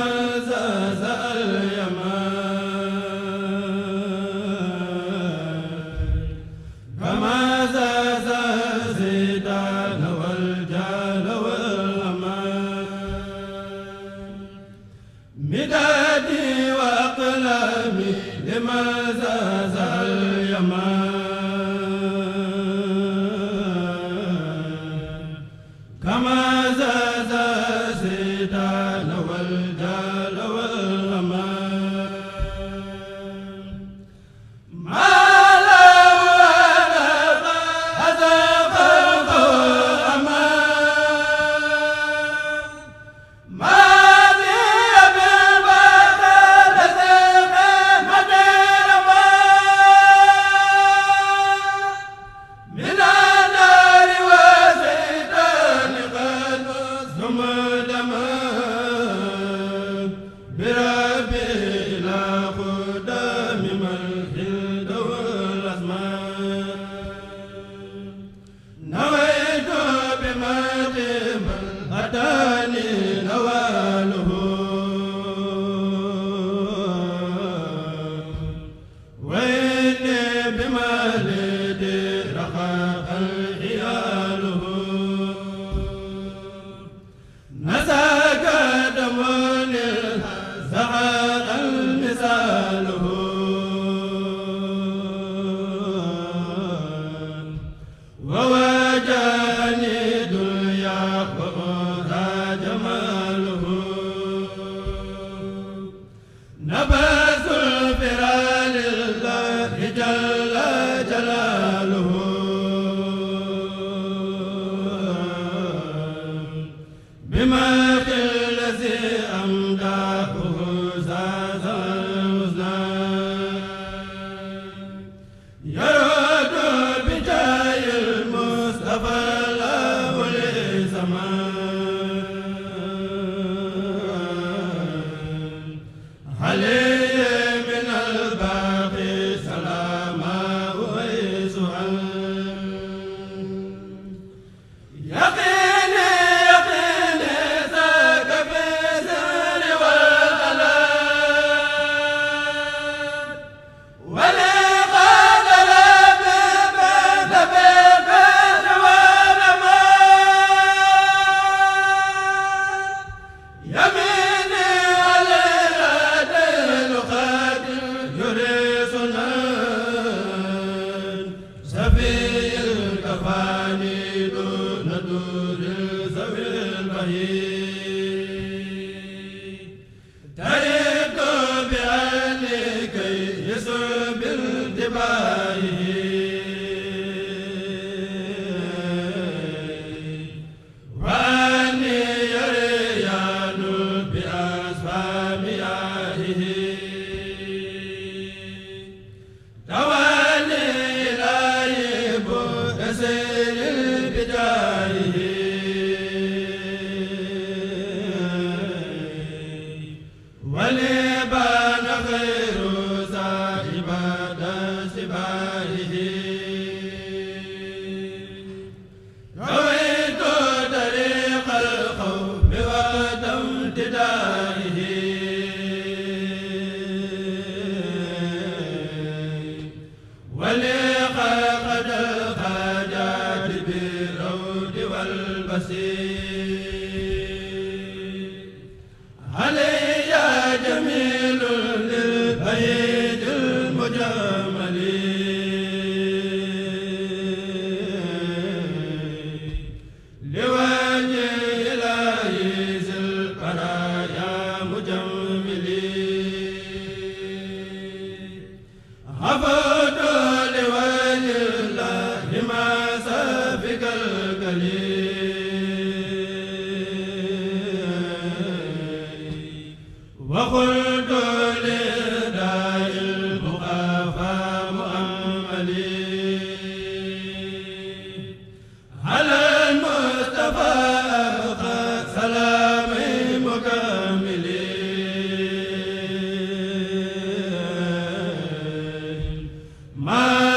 man ja ma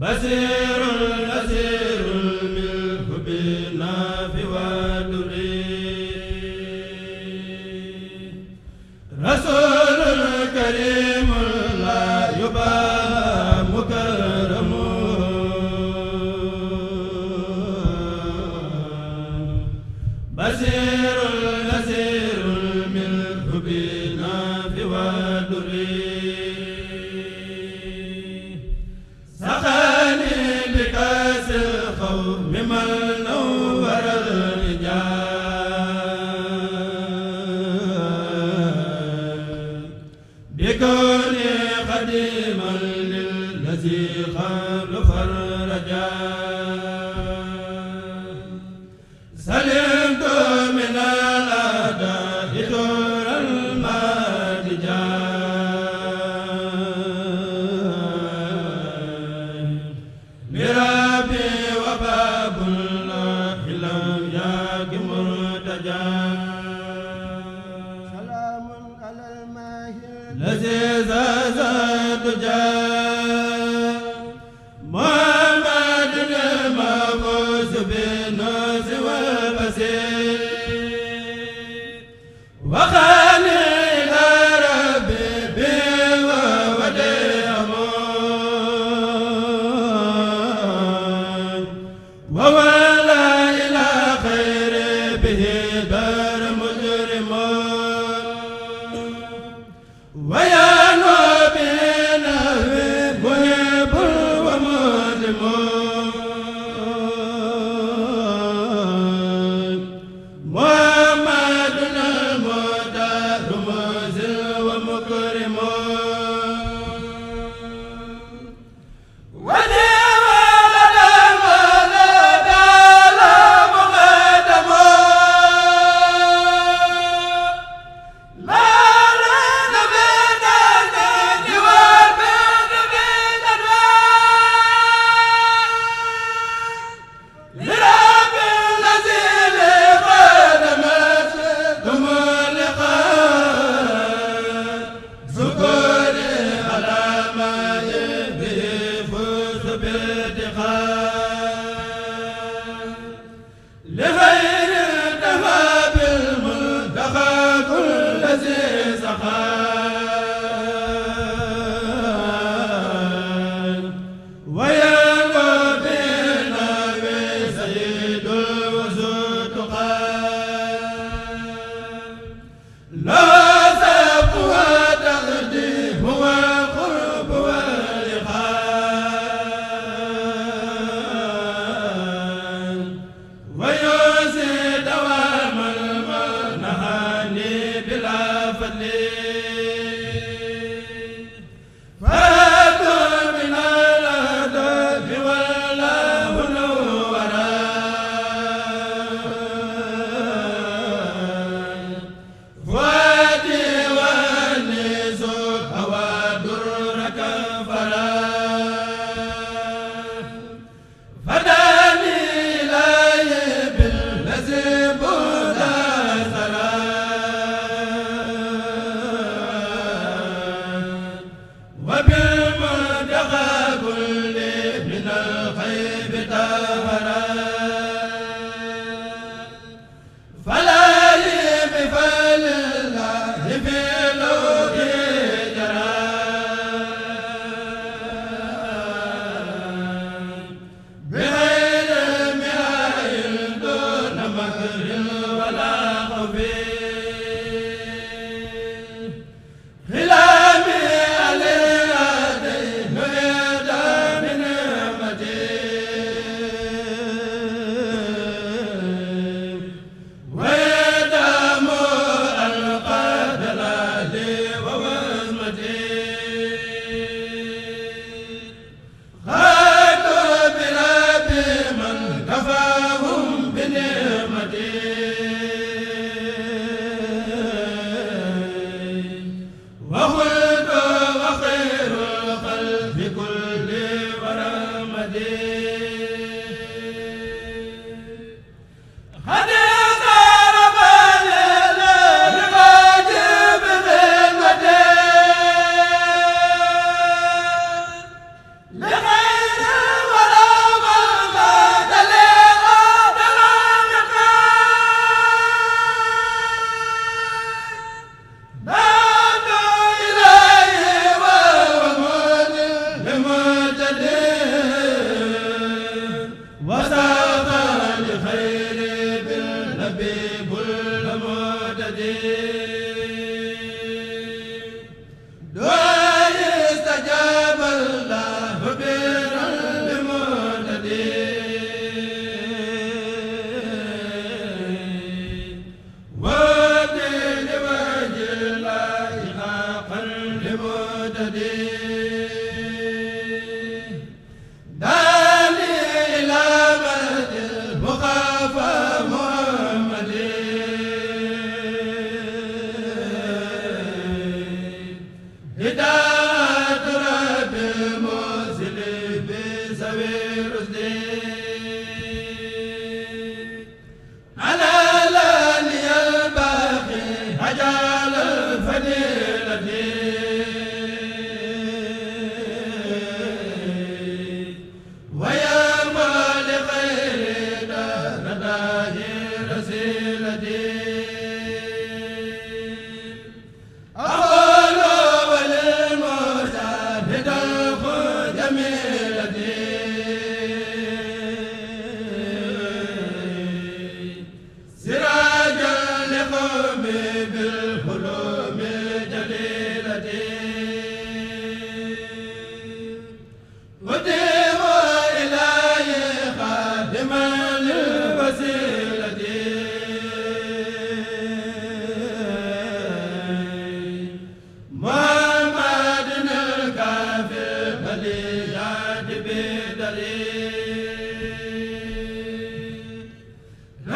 basi si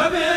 Amen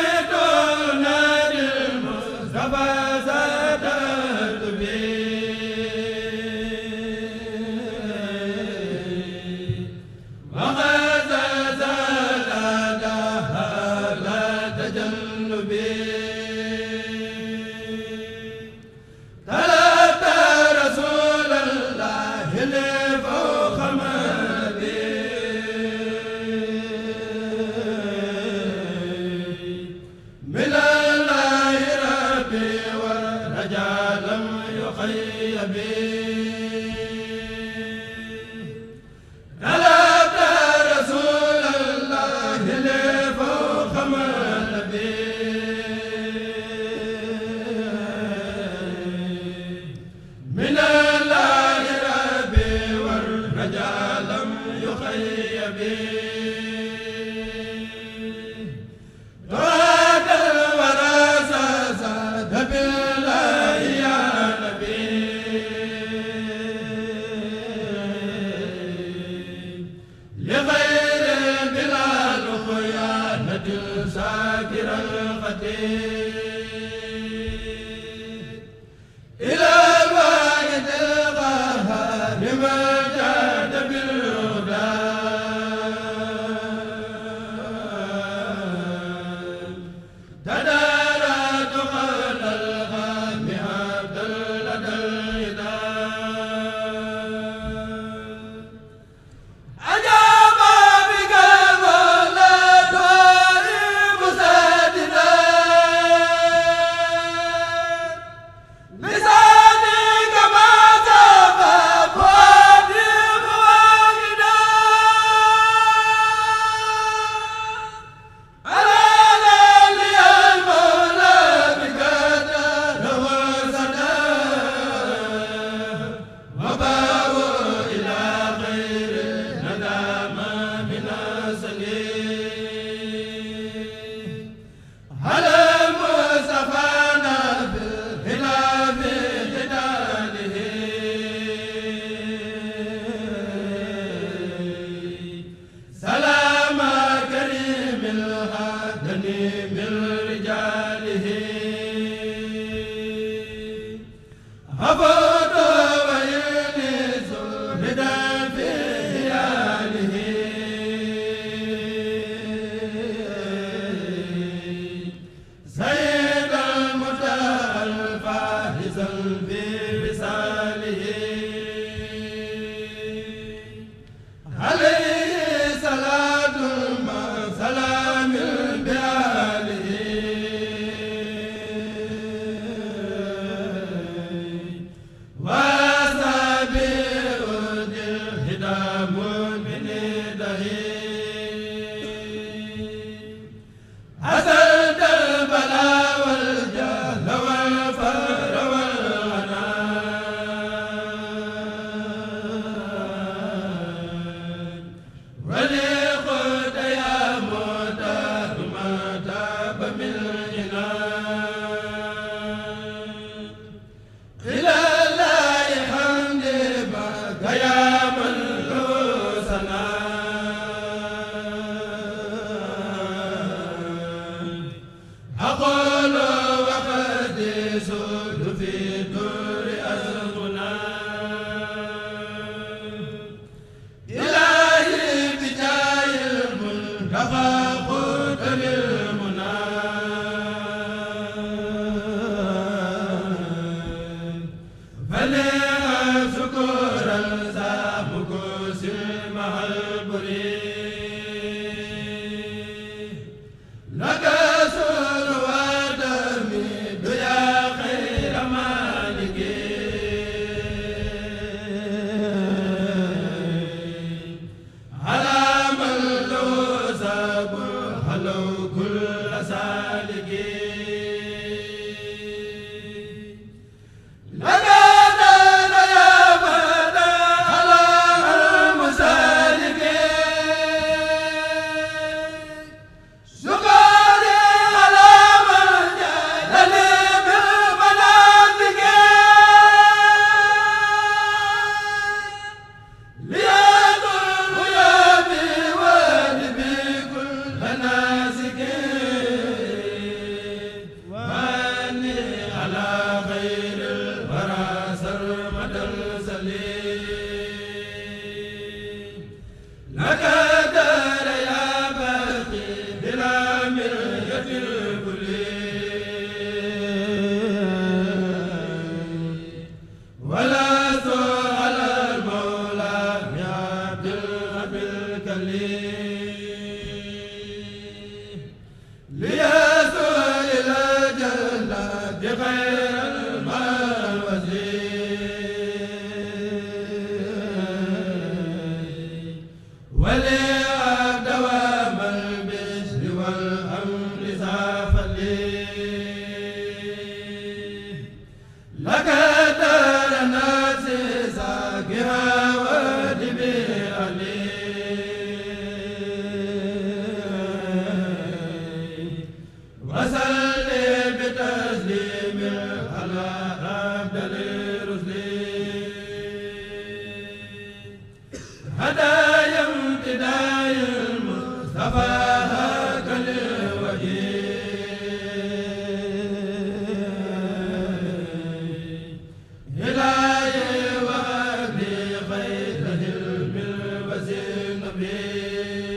bi